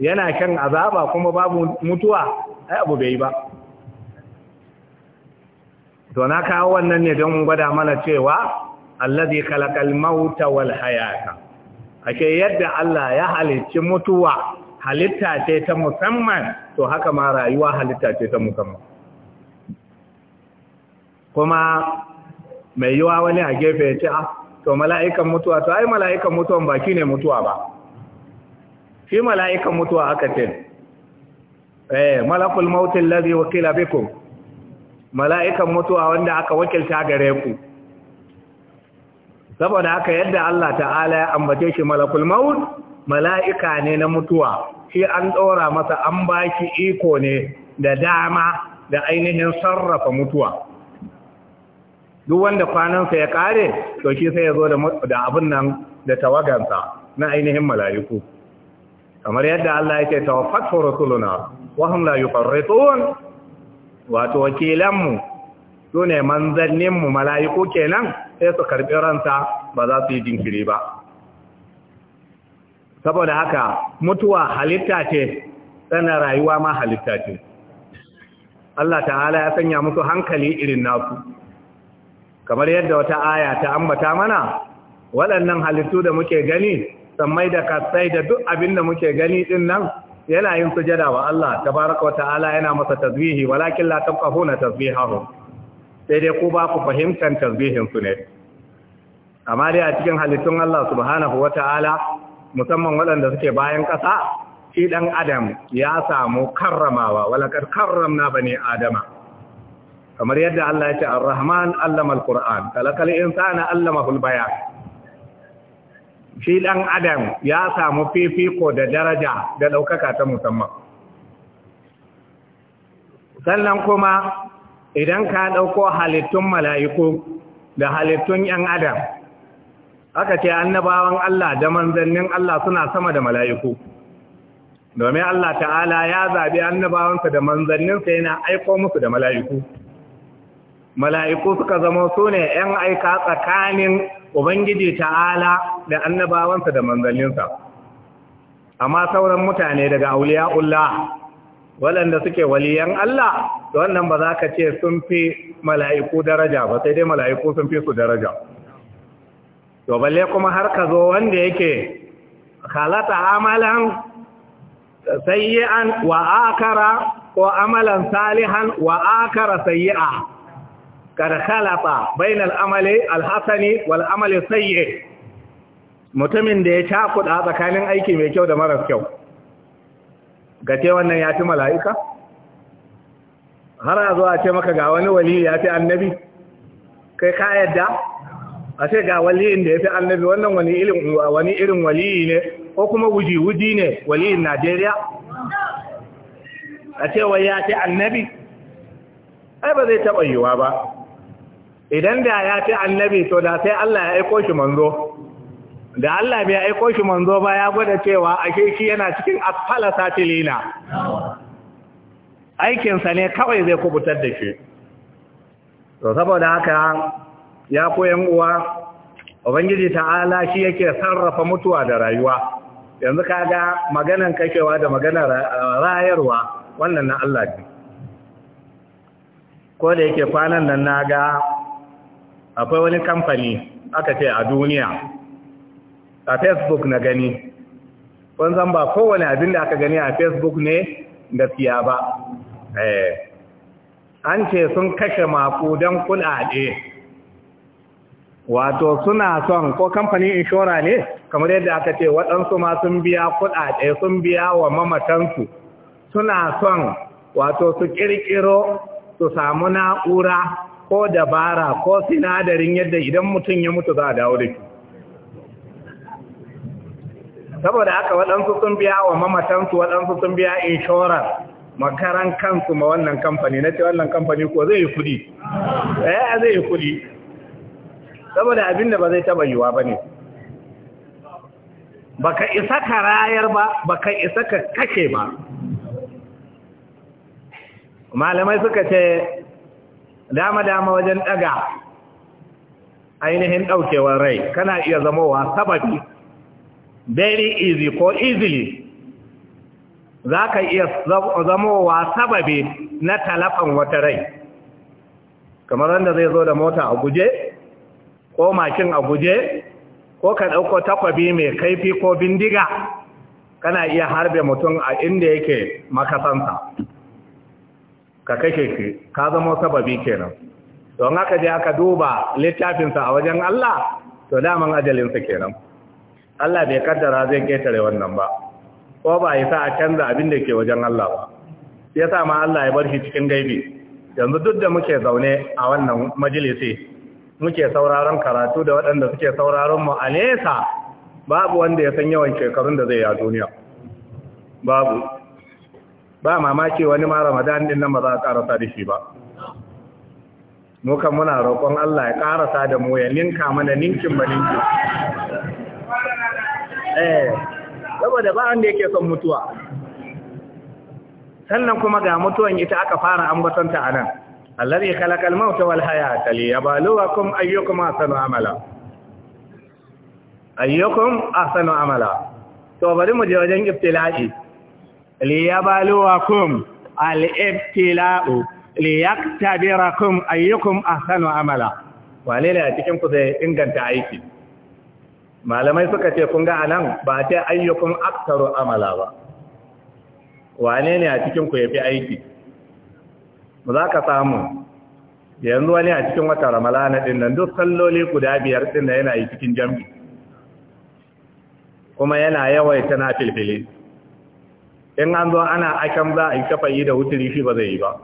Speaker 1: yana shan azaba kuma babu mutuwa ai abu bai ba to na kawo wannan ne don gwada mana cewa allazi khalaqal mauta wal hayata ake yadda Allah ya halicci mutuwa halitta ce ta musamman to haka ma rayuwa halitta ce ta musamman kuma mai yiwa wani a gefe ya ce ah to mala'ikan mutuwa to ai mala'ikan mutuwan ba shi ne mutuwa ba shi mala'ikan mutuwa aka ce eh malakul mautin lazi wakila bikum mala'ikan mutuwa wanda aka wakilta gare ku saboda haka yadda Allah ta'ala ya ambace shi malakul maut mala'ika ne na mutuwa shi an ɗora masa an baki iko ne da dama da ainihin sarrafa mutuwa duk wanda kwanansa ya kare to shi sai ya zo da abin nan da tawagansa na ainihin mala'iku kamar yadda Allah yake tawaffatu rasuluna wa hum la yufarritun wato wakilanmu sune manzanninmu mala'iku kenan sai su karbi ransa ba za su yi jinkiri ba saboda haka mutuwa halitta ce tsanar rayuwa ma halitta ce Allah ta'ala ya sanya musu hankali irin nasu kamar yadda wata aya ta ambata mana waɗannan halittu da muke gani sammai da kasai da duk abin da muke gani din nan yana yin sujada wa Allah tabaraka wa ta'ala yana masa tasbihi walakin la tafqahuna tasbihahu sai dai ku ba ku fahimtar tasbihinsu ne amma dai a cikin halittun Allah subhanahu wa ta'ala musamman waɗanda suke bayan ƙasa shi ɗan adam ya samu karramawa walakar karramna bane adama kamar yadda Allah ya ce ar-rahman allama al-qur'an talakal insana allama bayan shi ɗan adam ya samu fifiko da daraja da ɗaukaka ta musamman sannan kuma idan ka ɗauko halittun mala'iku da halittun ‘yan adam aka ce annabawan Allah da manzannin Allah suna sama da mala'iku domin Allah ta'ala ya zaɓi annabawansa da manzanninsa yana aiko musu da mala'iku mala'iku suka zama su ne ‘yan aika tsakanin Ubangiji ta'ala da annabawansa da manzanninsa amma sauran mutane daga auliya'ullah waɗanda suke waliyan Allah wannan ba za ka ce sun fi mala'iku daraja ba sai dai mala'iku sun fi su daraja to balle kuma har ka zo wanda yake halata amalan sayyi'an wa akara ko amalan salihan wa akara sayyi'a ka khalata bainal amali alhasani wal amali sayyi mutumin da ya cakuɗa tsakanin aiki mai kyau da maras kyau ga ce wannan ya fi mala'ika har a zuwa ce maka ga wani wali ya fi annabi kai ka yadda a ce ga waliyin da ya fi annabi wannan wani irin wali ne ko kuma wuji-wuji ne waliyin najeriya a ce wai ya fi annabi ai ba zai taɓa yiwa ba idan da ya fi annabi to da sai allah ya aiko shi manzo da Allah bai aiko shi manzo ba ya gwada cewa ashe shi yana cikin asfala satilina aikinsa ne kawai zai kubutar da shi to saboda haka ya koyan uwa ubangiji ta'ala shi yake sarrafa mutuwa da rayuwa yanzu kaga maganar kashewa da maganar rayarwa wannan na Allah ne ko da yake kwanan nan naga akwai wani kamfani aka ce a duniya a facebook na gani wanzan ba kowane abin da aka gani a facebook ne da siya ba eh. an ce sun kashe makudan kudade wato suna son ko kamfanin inshora ne kamar yadda aka ce waɗansu ma sun biya kudade sun biya wa mamatansu suna son wato su kirkiro su samu na'ura ko dabara ko sinadarin yadda idan mutum ya mutu za a dawo da shi saboda aka waɗansu sun biya wa mamatansu waɗansu sun biya inshorar makaran kansu ma wannan kamfani na ce wannan kamfani ko zai yi kudi ɗaya eh, zai yi kudi saboda abin da ba zai taɓa yiwa ba ne Ba ka isa ka rayar ba ba ka isa ka kashe ba malamai suka ce dama-dama wajen ɗaga ainihin ɗaukewar rai kana iya zamowa sababi very easy ko easily za ka iya zamowa sababi na talafan wata rai kamar wanda zai zo da mota a guje ko makin a guje ko ka ɗauko takwabi mai kaifi ko bindiga kana iya harbe mutum a inda yake makasansa ka kake ke ka zama sababi kenan don haka je aka duba littafinsa a wajen Allah to daman ajalinsa kenan Allah bai kaddara zai ketare wannan ba ko ba ya sa a canza abin da ke wajen Allah ba ya sa ma Allah ya bar shi cikin gaibi yanzu duk da muke zaune a wannan majalisi muke sauraron karatu da waɗanda suke sauraron mu a nesa babu wanda ya san yawan shekarun da zai yi a duniya babu ba mamaki wani ma ramadan din nan ba za a karasa da shi ba mukan muna roƙon Allah ya karasa da mu ya ninka mana ninkin ba ninkin eh saboda ba wanda yake son mutuwa sannan kuma ga mutuwan ita aka fara ambatonta a nan allazi khalaqal mauta wal hayata liyabluwakum ayyukum ahsanu amala ayyukum ahsanu amala to bari mu je wajen ibtila'i liyabluwakum al-ibtila'u yaktabirakum ayyukum ahsanu amala walila cikin ku sai inganta aiki malamai suka ce kun ga anan ba ta ayyukum aktaru amala ba wane ne a cikin ku yafi aiki mu za ka samu yanzu wani a cikin wata ramalana din nan duk salloli guda biyar din da yana yi cikin jam'i kuma yana yawaita na filfili in an zo ana akan za a yi kafa yi da wuturi shi ba zai yi ba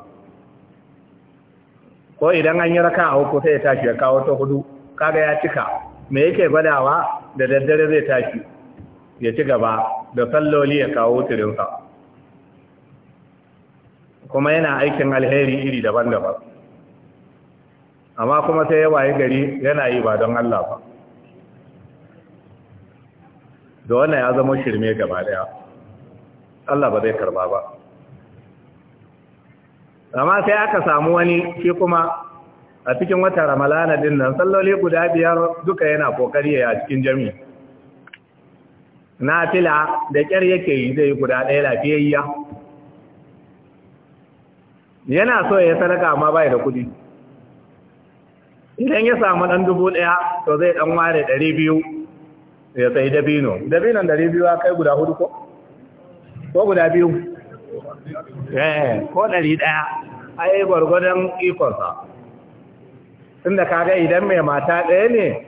Speaker 1: ko idan an yi raka a uku sai ya tashi ya kawo ta hudu kaga ya cika me yake gwadawa da daddare zai tashi ya ci gaba da salloli ya kawo turinsa kuma yana aikin alheri iri daban-daban amma kuma sai ya waye gari yana yi ba don Allah ba da wannan ya zama shirme gaba daya Allah ba zai karba ba amma sai aka samu wani shi kuma a cikin wata ramalana din nan salloli guda biyar duka yana kokari a cikin jami na fila da kyar yake yi zai guda ɗaya lafiyayya yana so ya sadaka amma bai da kuɗi idan ya samu ɗan dubu ɗaya to zai ɗan ware ɗari biyu ya sai dabino dabinon ɗari biyu ya kai guda hudu ko? ko guda biyu? Eh, ko ɗari ɗaya ai gwargwadon ikonsa tunda kaga idan mai mata ɗaya ne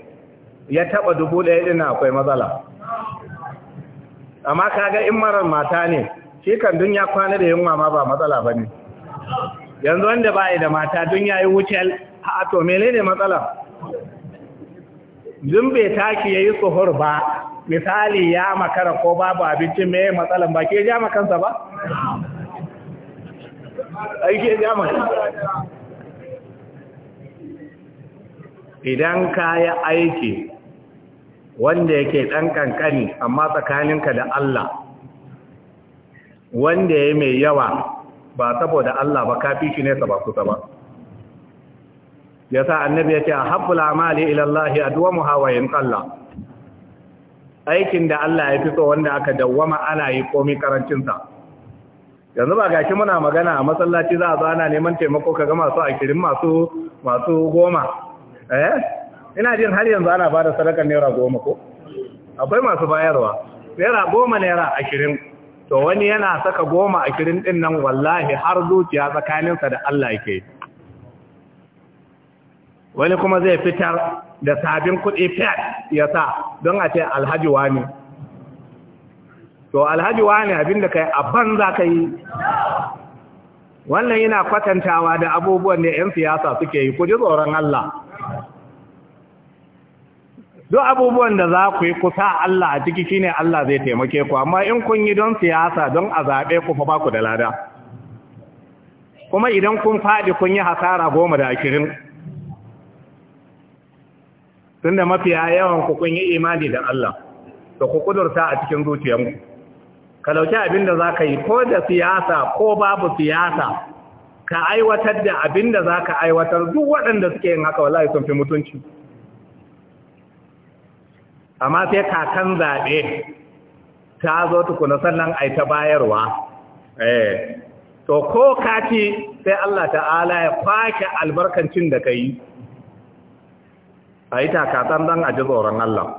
Speaker 1: ya taɓa dubu ɗaya ɗin akwai matsala amma kaga in marar mata ne shi kan dunya kwana da yunwa ma ba matsala ba ne yanzu wanda ba da mata dunya ya yi wuce a to mele ne matsala dun bai taki ya yi tsohor ba misali ya makara ko babu abincin mai matsalan ba ke ja makansa ba
Speaker 2: aike ja makansa
Speaker 1: idan ka yi aiki wanda yake ɗan ƙanƙani amma tsakaninka da Allah wanda ya mai yawa ba saboda Allah ba kafi shi ne ba kusa ba ya sa annabi ya ce a haɓɓul amali ilallahi a duwa muhawayin tsalla aikin da Allah ya fi so wanda aka dawwama ana yi komi karancinsa yanzu ba gashi muna magana a masallaci za a zo ana neman taimako ka ga masu ashirin masu masu goma eh ina jin har yanzu ana bada sadakar naira goma ko akwai masu bayarwa naira goma naira ashirin to wani yana saka goma ashirin din nan wallahi har zuciya tsakaninsa da Allah yake wani kuma zai fitar da sabin kuɗi fiyar ya sa don a ce alhaji wani to alhaji wani abinda kai a za ka yi wannan yana kwatantawa da abubuwan da 'yan siyasa suke yi ku ji tsoron Allah duk abubuwan da za ku yi kusa Allah a ciki ne Allah zai taimake ku amma in kun yi don siyasa don a zaɓe ku fa ba ku da lada kuma idan kun faɗi kun yi hasara goma da ashirin tun da mafiya yawan ku kun yi imani da Allah da ku kudurta a cikin zuciyanku ka ɗauki abin da za ka yi ko da siyasa ko babu siyasa ka aiwatar da abin da za ka aiwatar duk waɗanda suke yin haka wallahi sun fi mutunci amma sai kakan zaɓe ta zo tukuna sannan a ta bayarwa eh, to ko kaci sai Allah ta'ala ya kwake albarkancin da ka yi a yi takatan don a ji tsoron Allah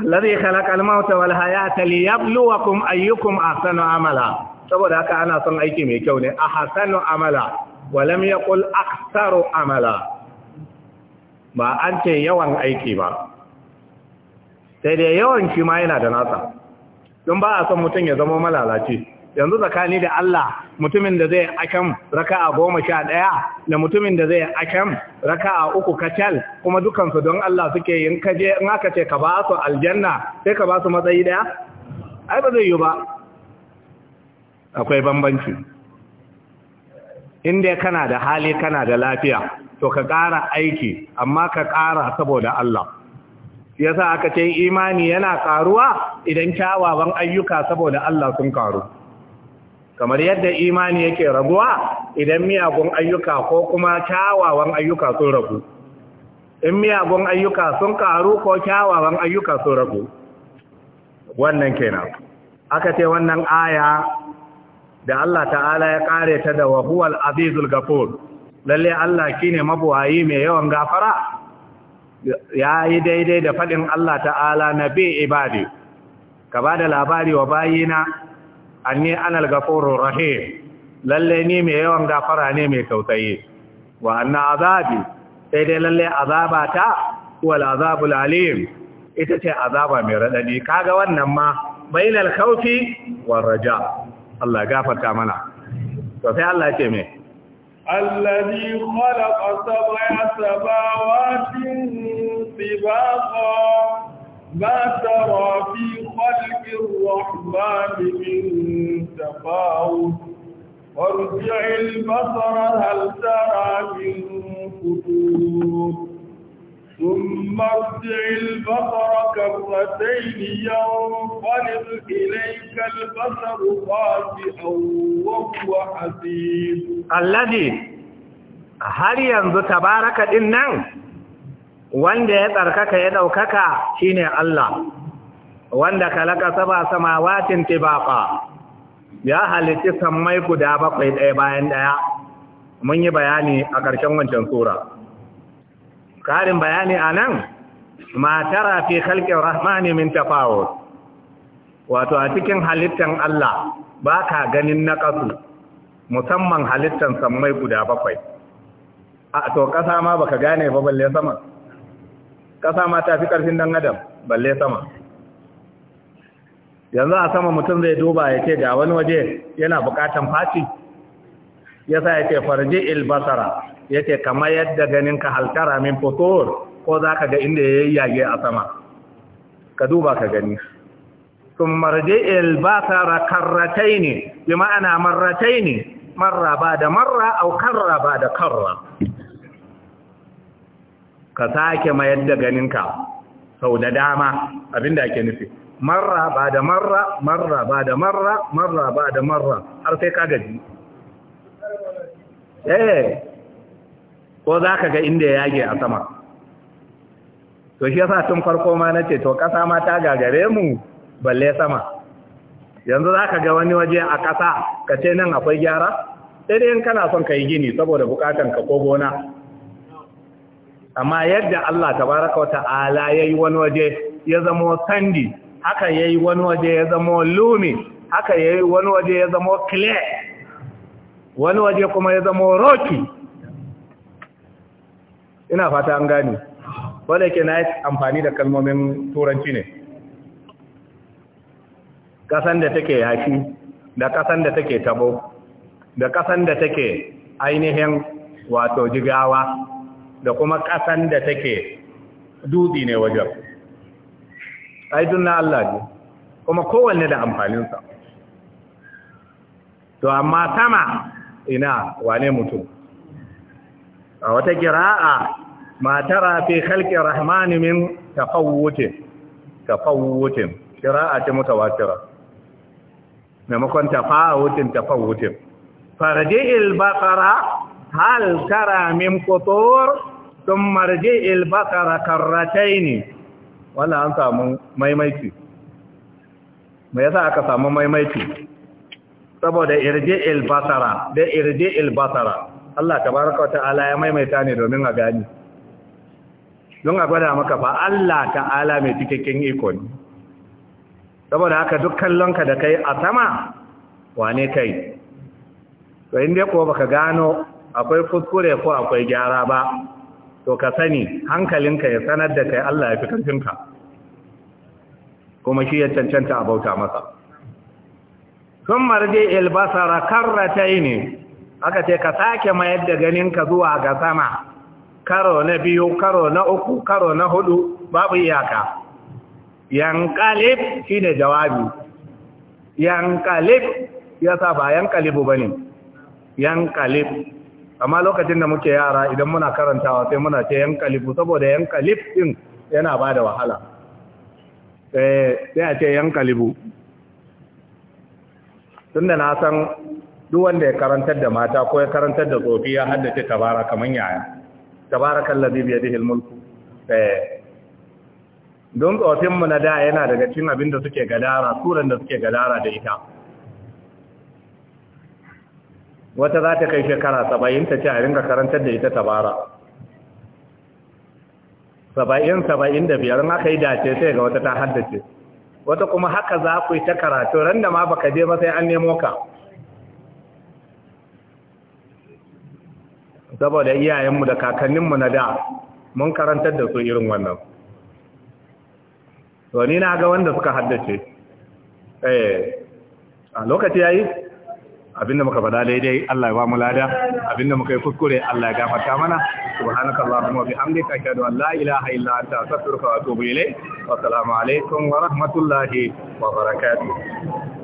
Speaker 1: Allah zai kalakal mauta wal hayata liyabluwakum ayyukum ahsanu amala saboda haka ana son aiki mai kyau ne ahsanu amala walam yaqul aktharu amala ba an ce yawan aiki ba sai dai yawan shi ma yana da nasa don ba a son mutum ya zama malalaci yanzu tsakani da Allah mutumin da zai akam raka'a goma sha ɗaya da mutumin da zai akam raka'a uku kacal kuma dukansu don Allah suke yin kaje in aka ce ka ba su aljanna sai ka ba su matsayi ɗaya ai ba zai yi ba akwai bambanci in dai kana da hali kana da lafiya to ka ƙara aiki amma ka ƙara saboda Allah yasa aka ce imani yana ƙaruwa idan kyawawan ayyuka saboda Allah sun ƙaru kamar yadda imani yake raguwa idan miyagun ayyuka ko kuma kyawawan ayyuka sun ragu in miyagun ayyuka sun ƙaru ko kyawawan ayyuka sun ragu wannan kenan aka ce wannan aya da Allah ta'ala ya kare ta da wahuwal azizul gafur lalle Allah shine mabuwayi mai yawan gafara ya yi daidai da faɗin Allah ta'ala na bi ibadi ka ba da labari wa bayina anni anal gafurur rahim lalle ni mai yawan gafara ne mai tausayi wa anna azabi sai dai lalle azaba ta wal azabul alim ita ce azaba mai radadi kaga wannan ma bainal khawfi war raja Allah gafarta mana to sai Allah ce mai
Speaker 2: الذي خلق سبع سماوات طباقا ما ترى في خلق الرحمن من تفاوت وارجع البصر هل ترى من فتور ثم ارجع البصر كرتين ينقلب إليك
Speaker 1: البصر خاسئا وهو حسيب الذي har yanzu tabaraka ɗin nan wanda ya tsarkaka ya ɗaukaka shine Allah wanda kalaka saba samawatin tibaqa ya halitti sammai guda bakwai ɗaya bayan ɗaya mun yi bayani a ƙarshen wancan sura Karin bayani a nan matara fi halƙin rahmani min tafawo wato a cikin halittan Allah ba ka ganin na ƙasu musamman halittan sammai guda bakwai a to ƙasa ma ba ka gane ba balle sama ƙasa ma ta fi ƙarfin ɗan adam balle sama yanzu a sama mutum zai duba ya ce ga wani waje yana buƙatan faci ya sa ya ce farji ilbasara ya ce kamar yadda ganinka halkara min fotor ko za ka ga inda ya yage a sama ka duba ka gani sun marje ilbasara karratai ne bi ma'ana marratai ne marra ba da marra au karra ba da karra ka sake mayar da ganinka sau da dama abinda ake nufi marra ba da marra marra ba da marra marra ba da marra har sai ka gaji eh ko za ka ga inda ya yage a sama to shi yasa tun farko ma na ce to ƙasa ma ta gagare mu balle sama yanzu za ka ga wani waje a kasa ka ce nan akwai gyara sai dai in kana son ka yi gini saboda bukatan ka ko gona amma yadda Allah tabaraka wa ta'ala yayi wani waje ya zama sandi haka yayi wani waje ya zama lumi haka yayi wani waje ya zama clear wani waje kuma ya zama roki. ina fata an gani wadda ke na yi amfani da kalmomin turanci ne ƙasan da take yaki da ƙasan da take tabo da ƙasan da take ainihin wato jigawa da kuma ƙasan da take dutse ne wajen aidun na Allah ne kuma kowanne da amfaninsa to amma sama ina wane mutum a wata kira'a matara fi halƙi rahmani min tafawutin tafawutin kira'a ce mutawatira maimakon tafawutin tafawutin farji ilbakara hal tara min kutur sun marji ilbakara karratai ne wannan an samu maimaiti me yasa aka samu maimaiti saboda irje basara da irje basara Allah tabaraka wa ta'ala ya maimaita ne domin a gani don a gwada maka fa Allah ta'ala mai cikakken iko ne saboda haka duk kallonka da kai a sama wane kai to inda ko baka gano akwai kuskure ko akwai gyara ba to ka sani hankalinka ya sanar da kai Allah ya fi karfinka kuma shi ya cancanta a bauta masa sun marje ilbasara karrata ne aka ce ka sake mayar da ganinka zuwa ga sama karo na biyu karo na uku karo na hudu babu iyaka yankalib shi ne jawabi yankalib ya sa ba yankalibu ba ne yankalib amma lokacin da muke yara idan muna karantawa sai muna ce yankalibu saboda yankalib din yana ba da wahala eh, sai a ce yankalibu tunda na san duk wanda ya karantar da mata ko ya karantar da tsofi ya haddace tabara kaman yaya tabarakan lazi biya dihil mulku eh. don mu na da yana daga cin abin da suke gadara suran da suke gadara da ita wata za ta kai shekara saba'in ta ce a ringa karantar da ita tabara saba'in saba'in da biyar aka yi dace sai ga wata ta haddace wata kuma haka za ku yi ta karatu randa da ma baka je ba sai an nemo ka saboda iyayenmu da kakanninmu na da mun karantar da su irin wannan to ni na ga wanda suka haddace eh a lokaci yayi abinda muka faɗa daidai Allah ya ba mu lada abinda muka yi kuskure Allah ya gafarta mana subhanaka allahumma wa bihamdika ashhadu an la ilaha illa anta astaghfiruka wa atubu ilayk wa assalamu alaikum wa rahmatullahi wa barakatuh